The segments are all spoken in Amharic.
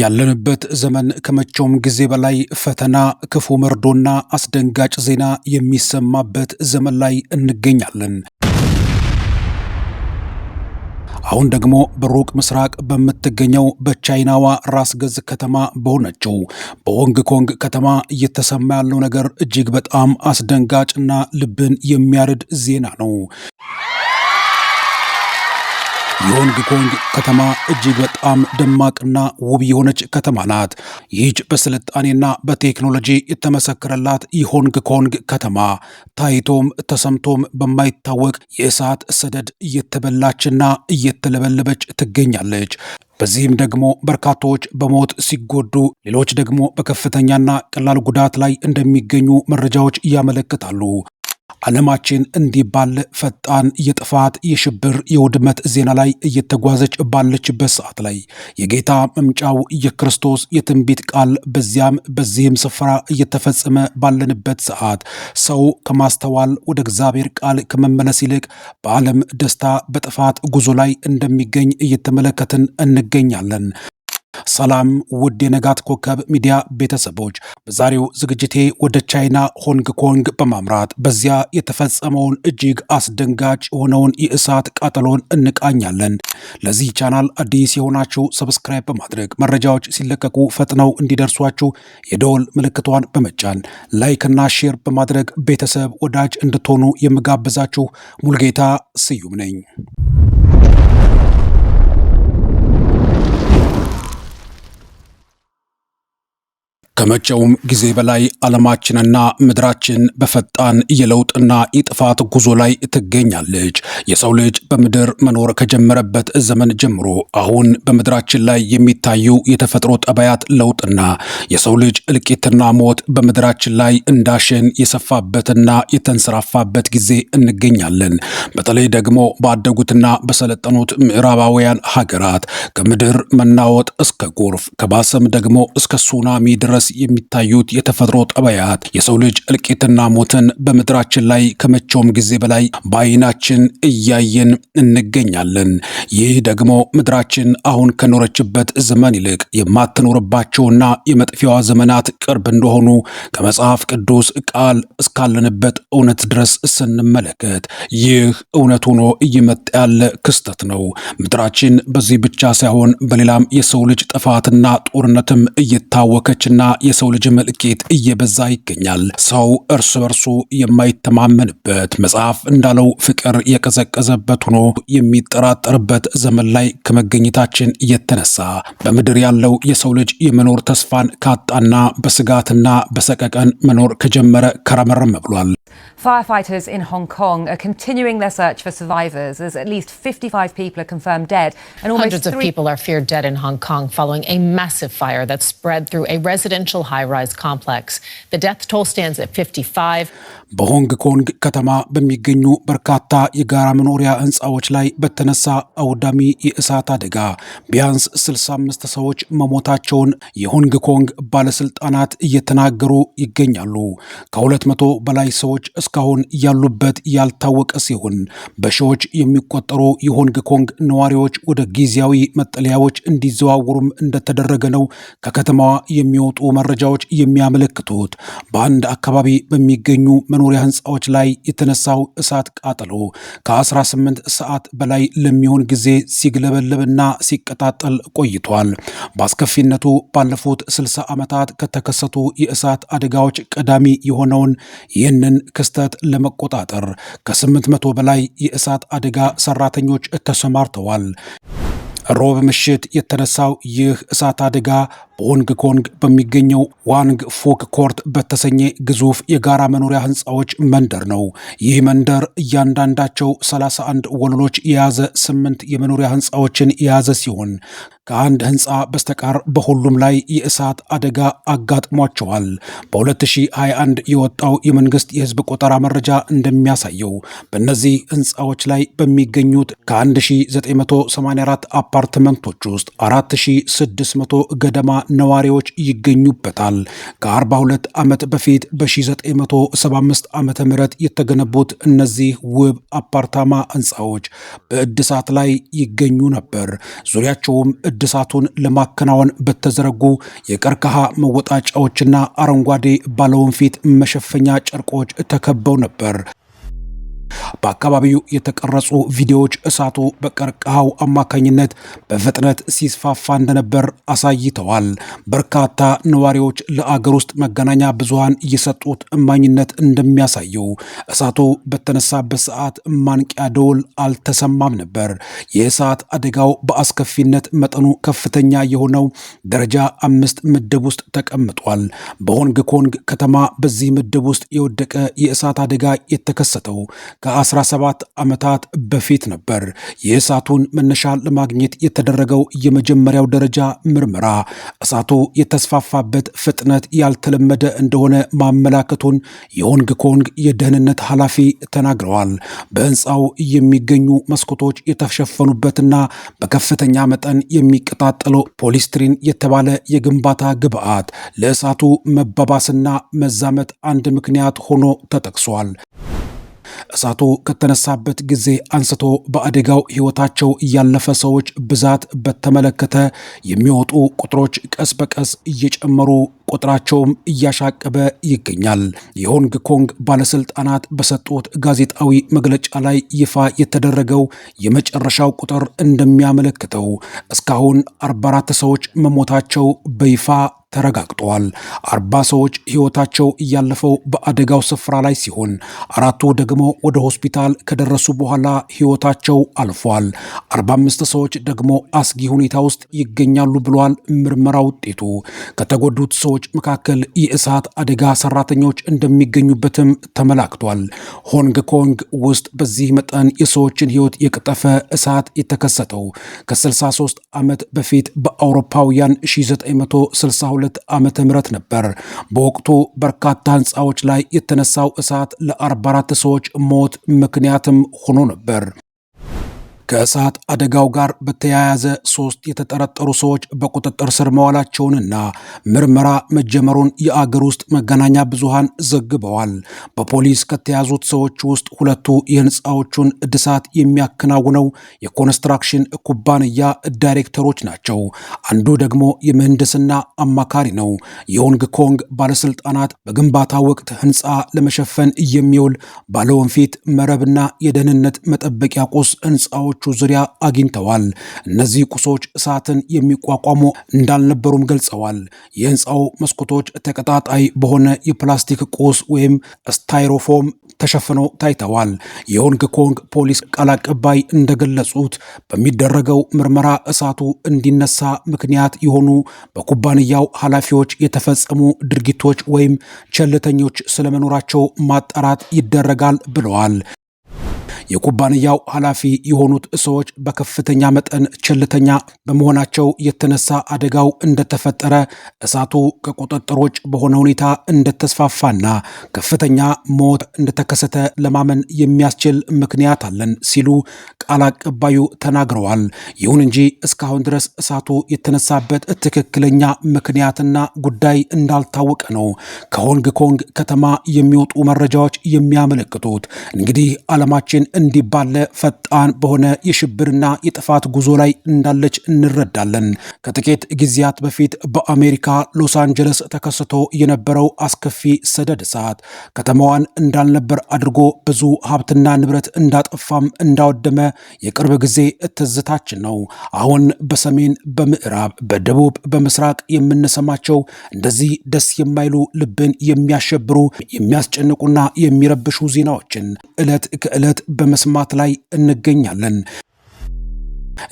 ያለንበት ዘመን ከመቼውም ጊዜ በላይ ፈተና፣ ክፉ መርዶና አስደንጋጭ ዜና የሚሰማበት ዘመን ላይ እንገኛለን። አሁን ደግሞ በሩቅ ምስራቅ በምትገኘው በቻይናዋ ራስ ገዝ ከተማ በሆነችው በሆንግ ኮንግ ከተማ እየተሰማ ያለው ነገር እጅግ በጣም አስደንጋጭና ልብን የሚያርድ ዜና ነው። የሆንግ ኮንግ ከተማ እጅግ በጣም ደማቅና ውብ የሆነች ከተማ ናት። ይህች በስልጣኔና በቴክኖሎጂ የተመሰከረላት የሆንግ ኮንግ ከተማ ታይቶም ተሰምቶም በማይታወቅ የእሳት ሰደድ እየተበላችና እየተለበለበች ትገኛለች። በዚህም ደግሞ በርካታዎች በሞት ሲጎዱ ሌሎች ደግሞ በከፍተኛና ቀላል ጉዳት ላይ እንደሚገኙ መረጃዎች ያመለክታሉ። ዓለማችን እንዲህ ባለ ፈጣን የጥፋት የሽብር የውድመት ዜና ላይ እየተጓዘች ባለችበት ሰዓት ላይ የጌታ መምጫው የክርስቶስ የትንቢት ቃል በዚያም በዚህም ስፍራ እየተፈጸመ ባለንበት ሰዓት ሰው ከማስተዋል ወደ እግዚአብሔር ቃል ከመመለስ ይልቅ በዓለም ደስታ በጥፋት ጉዞ ላይ እንደሚገኝ እየተመለከትን እንገኛለን። ሰላም ውድ የንጋት ኮከብ ሚዲያ ቤተሰቦች፣ በዛሬው ዝግጅቴ ወደ ቻይና ሆንግ ኮንግ በማምራት በዚያ የተፈጸመውን እጅግ አስደንጋጭ የሆነውን የእሳት ቃጠሎን እንቃኛለን። ለዚህ ቻናል አዲስ የሆናችሁ ሰብስክራይብ በማድረግ መረጃዎች ሲለቀቁ ፈጥነው እንዲደርሷችሁ የደወል ምልክቷን በመጫን ላይክና ሼር በማድረግ ቤተሰብ ወዳጅ እንድትሆኑ የምጋብዛችሁ ሙልጌታ ስዩም ነኝ። ከመቼውም ጊዜ በላይ ዓለማችንና ምድራችን በፈጣን የለውጥና የጥፋት ጉዞ ላይ ትገኛለች። የሰው ልጅ በምድር መኖር ከጀመረበት ዘመን ጀምሮ አሁን በምድራችን ላይ የሚታዩ የተፈጥሮ ጠባያት ለውጥና የሰው ልጅ እልቂትና ሞት በምድራችን ላይ እንዳሸን የሰፋበትና የተንሰራፋበት ጊዜ እንገኛለን። በተለይ ደግሞ ባደጉትና በሰለጠኑት ምዕራባውያን ሀገራት ከምድር መናወጥ እስከ ጎርፍ ከባሰም ደግሞ እስከ ሱናሚ ድረስ የሚታዩት የተፈጥሮ ጠባያት የሰው ልጅ እልቂትና ሞትን በምድራችን ላይ ከመቼውም ጊዜ በላይ በአይናችን እያየን እንገኛለን። ይህ ደግሞ ምድራችን አሁን ከኖረችበት ዘመን ይልቅ የማትኖርባቸውና የመጥፊያዋ ዘመናት ቅርብ እንደሆኑ ከመጽሐፍ ቅዱስ ቃል እስካለንበት እውነት ድረስ ስንመለከት ይህ እውነት ሆኖ እየመጣ ያለ ክስተት ነው። ምድራችን በዚህ ብቻ ሳይሆን በሌላም የሰው ልጅ ጥፋትና ጦርነትም እየታወከችና የሰው ልጅ እልቂት እየበዛ ይገኛል። ሰው እርስ በርሱ የማይተማመንበት መጽሐፍ እንዳለው ፍቅር የቀዘቀዘበት ሆኖ የሚጠራጠርበት ዘመን ላይ ከመገኘታችን የተነሳ በምድር ያለው የሰው ልጅ የመኖር ተስፋን ካጣና በስጋትና በሰቀቀን መኖር ከጀመረ ከረመረመ ብሏል። Firefighters in Hong Kong are continuing their search for survivors as at least 55 people are confirmed dead and almost hundreds of people are feared dead in Hong Kong following a massive fire that spread through a residential high-rise complex. The death toll stands at 55. በሆንግ ኮንግ ከተማ በሚገኙ በርካታ የጋራ መኖሪያ ህንፃዎች ላይ በተነሳ አውዳሚ የእሳት አደጋ ቢያንስ 65 ሰዎች መሞታቸውን የሆንግ ኮንግ ባለስልጣናት እየተናገሩ ይገኛሉ። ከ200 በላይ ሰዎች እስካሁን ያሉበት ያልታወቀ ሲሆን በሺዎች የሚቆጠሩ የሆንግ ኮንግ ነዋሪዎች ወደ ጊዜያዊ መጠለያዎች እንዲዘዋውሩም እንደተደረገ ነው ከከተማዋ የሚወጡ መረጃዎች የሚያመለክቱት። በአንድ አካባቢ በሚገኙ መኖሪያ ህንፃዎች ላይ የተነሳው እሳት ቃጠሎ ከ18 ሰዓት በላይ ለሚሆን ጊዜ ሲግለበለብና ሲቀጣጠል ቆይቷል። በአስከፊነቱ ባለፉት 60 ዓመታት ከተከሰቱ የእሳት አደጋዎች ቀዳሚ የሆነውን ይህንን ክስተት ፍሰት ለመቆጣጠር ከ800 በላይ የእሳት አደጋ ሰራተኞች ተሰማርተዋል። ሮብ ምሽት የተነሳው ይህ እሳት አደጋ በኦንግ ኮንግ በሚገኘው ዋንግ ፉክ ኮርት በተሰኘ ግዙፍ የጋራ መኖሪያ ህንፃዎች መንደር ነው። ይህ መንደር እያንዳንዳቸው 31 ወለሎች የያዘ ስምንት የመኖሪያ ህንፃዎችን የያዘ ሲሆን ከአንድ ህንፃ በስተቀር በሁሉም ላይ የእሳት አደጋ አጋጥሟቸዋል። በ2021 የወጣው የመንግስት የህዝብ ቆጠራ መረጃ እንደሚያሳየው በእነዚህ ህንፃዎች ላይ በሚገኙት ከ1984 አፓርትመንቶች ውስጥ 4600 ገደማ ነዋሪዎች ይገኙበታል። ከ42 ዓመት በፊት በ1975 ዓ ም የተገነቡት እነዚህ ውብ አፓርታማ ሕንፃዎች በእድሳት ላይ ይገኙ ነበር። ዙሪያቸውም እድሳቱን ለማከናወን በተዘረጉ የቀርከሃ መወጣጫዎችና አረንጓዴ ባለወንፊት መሸፈኛ ጨርቆች ተከበው ነበር። በአካባቢው የተቀረጹ ቪዲዮዎች እሳቱ በቀርከሃው አማካኝነት በፍጥነት ሲስፋፋ እንደነበር አሳይተዋል። በርካታ ነዋሪዎች ለአገር ውስጥ መገናኛ ብዙሃን እየሰጡት እማኝነት እንደሚያሳየው እሳቱ በተነሳበት ሰዓት ማንቂያ ደወል አልተሰማም ነበር። የእሳት አደጋው በአስከፊነት መጠኑ ከፍተኛ የሆነው ደረጃ አምስት ምድብ ውስጥ ተቀምጧል። በሆንግ ኮንግ ከተማ በዚህ ምድብ ውስጥ የወደቀ የእሳት አደጋ የተከሰተው ከ17 ዓመታት በፊት ነበር የእሳቱን መነሻ ለማግኘት የተደረገው የመጀመሪያው ደረጃ ምርመራ እሳቱ የተስፋፋበት ፍጥነት ያልተለመደ እንደሆነ ማመላከቱን የሆንግ ኮንግ የደህንነት ኃላፊ ተናግረዋል። በሕንፃው የሚገኙ መስኮቶች የተሸፈኑበትና በከፍተኛ መጠን የሚቀጣጠለው ፖሊስትሪን የተባለ የግንባታ ግብዓት ለእሳቱ መባባስና መዛመት አንድ ምክንያት ሆኖ ተጠቅሷል። እሳቱ ከተነሳበት ጊዜ አንስቶ በአደጋው ሕይወታቸው እያለፈ ሰዎች ብዛት በተመለከተ የሚወጡ ቁጥሮች ቀስ በቀስ እየጨመሩ ቁጥራቸውም እያሻቀበ ይገኛል። የሆንግ ኮንግ ባለስልጣናት በሰጡት ጋዜጣዊ መግለጫ ላይ ይፋ የተደረገው የመጨረሻው ቁጥር እንደሚያመለክተው እስካሁን 44 ሰዎች መሞታቸው በይፋ ተረጋግጠዋል። አርባ ሰዎች ሕይወታቸው እያለፈው በአደጋው ስፍራ ላይ ሲሆን አራቱ ደግሞ ወደ ሆስፒታል ከደረሱ በኋላ ሕይወታቸው አልፏል። አርባ አምስት ሰዎች ደግሞ አስጊ ሁኔታ ውስጥ ይገኛሉ ብሏል ምርመራ ውጤቱ። ከተጎዱት ሰዎች መካከል የእሳት አደጋ ሰራተኞች እንደሚገኙበትም ተመላክቷል። ሆንግ ኮንግ ውስጥ በዚህ መጠን የሰዎችን ሕይወት የቀጠፈ እሳት የተከሰተው ከ63 ዓመት በፊት በአውሮፓውያን 1962 2012 ዓ ነበር። በወቅቱ በርካታ ህንፃዎች ላይ የተነሳው እሳት ለ44 ሰዎች ሞት ምክንያትም ሆኖ ነበር። ከእሳት አደጋው ጋር በተያያዘ ሶስት የተጠረጠሩ ሰዎች በቁጥጥር ስር መዋላቸውንና ምርመራ መጀመሩን የአገር ውስጥ መገናኛ ብዙሃን ዘግበዋል። በፖሊስ ከተያዙት ሰዎች ውስጥ ሁለቱ የህንፃዎቹን እድሳት የሚያከናውነው የኮንስትራክሽን ኩባንያ ዳይሬክተሮች ናቸው። አንዱ ደግሞ የምህንድስና አማካሪ ነው። የሆንግ ኮንግ ባለስልጣናት በግንባታ ወቅት ህንፃ ለመሸፈን የሚውል ባለወንፊት መረብና የደህንነት መጠበቂያ ቁስ ህንፃዎች ቁሶቹ ዙሪያ አግኝተዋል። እነዚህ ቁሶች እሳትን የሚቋቋሙ እንዳልነበሩም ገልጸዋል። የህንፃው መስኮቶች ተቀጣጣይ በሆነ የፕላስቲክ ቁስ ወይም ስታይሮፎም ተሸፍነው ታይተዋል። የሆንግ ኮንግ ፖሊስ ቃል አቀባይ እንደገለጹት በሚደረገው ምርመራ እሳቱ እንዲነሳ ምክንያት የሆኑ በኩባንያው ኃላፊዎች የተፈጸሙ ድርጊቶች ወይም ቸልተኞች ስለመኖራቸው ማጣራት ይደረጋል ብለዋል። የኩባንያው ኃላፊ የሆኑት ሰዎች በከፍተኛ መጠን ችልተኛ በመሆናቸው የተነሳ አደጋው እንደተፈጠረ፣ እሳቱ ከቁጥጥር ውጭ በሆነ ሁኔታ እንደተስፋፋና ከፍተኛ ሞት እንደተከሰተ ለማመን የሚያስችል ምክንያት አለን ሲሉ ቃል አቀባዩ ተናግረዋል። ይሁን እንጂ እስካሁን ድረስ እሳቱ የተነሳበት ትክክለኛ ምክንያትና ጉዳይ እንዳልታወቀ ነው ከሆንግ ኮንግ ከተማ የሚወጡ መረጃዎች የሚያመለክቱት። እንግዲህ ዓለማችን እንዲህ ባለ ፈጣን በሆነ የሽብርና የጥፋት ጉዞ ላይ እንዳለች እንረዳለን። ከጥቂት ጊዜያት በፊት በአሜሪካ ሎስ አንጀለስ ተከስቶ የነበረው አስከፊ ሰደድ እሳት ከተማዋን እንዳልነበር አድርጎ ብዙ ሀብትና ንብረት እንዳጠፋም እንዳወደመ የቅርብ ጊዜ ትዝታችን ነው። አሁን በሰሜን፣ በምዕራብ፣ በደቡብ፣ በምስራቅ የምንሰማቸው እንደዚህ ደስ የማይሉ ልብን የሚያሸብሩ የሚያስጨንቁና የሚረብሹ ዜናዎችን ዕለት ከዕለት በመስማት ላይ እንገኛለን።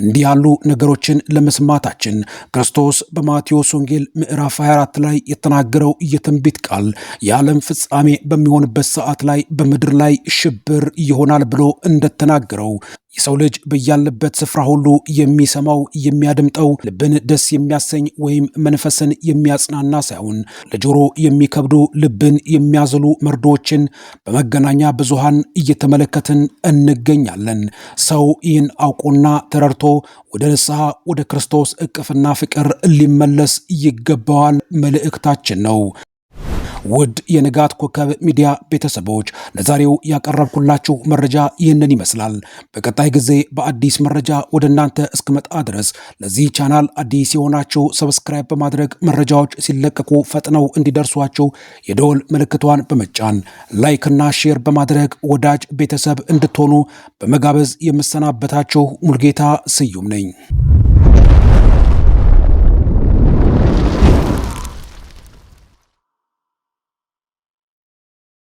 እንዲህ ያሉ ነገሮችን ለመስማታችን ክርስቶስ በማቴዎስ ወንጌል ምዕራፍ 24 ላይ የተናገረው የትንቢት ቃል የዓለም ፍጻሜ በሚሆንበት ሰዓት ላይ በምድር ላይ ሽብር ይሆናል ብሎ እንደተናገረው የሰው ልጅ በያለበት ስፍራ ሁሉ የሚሰማው የሚያደምጠው ልብን ደስ የሚያሰኝ ወይም መንፈስን የሚያጽናና ሳይሆን ለጆሮ የሚከብዱ ልብን የሚያዝሉ መርዶዎችን በመገናኛ ብዙሃን እየተመለከትን እንገኛለን። ሰው ይህን አውቆና ተረድቶ ወደ ንስሐ ወደ ክርስቶስ እቅፍና ፍቅር ሊመለስ ይገባዋል መልእክታችን ነው። ውድ የንጋት ኮከብ ሚዲያ ቤተሰቦች ለዛሬው ያቀረብኩላችሁ መረጃ ይህንን ይመስላል። በቀጣይ ጊዜ በአዲስ መረጃ ወደ እናንተ እስክመጣ ድረስ ለዚህ ቻናል አዲስ የሆናችሁ ሰብስክራይብ በማድረግ መረጃዎች ሲለቀቁ ፈጥነው እንዲደርሷችሁ የደወል ምልክቷን በመጫን ላይክና ሼር በማድረግ ወዳጅ ቤተሰብ እንድትሆኑ በመጋበዝ የምሰናበታችሁ ሙልጌታ ስዩም ነኝ።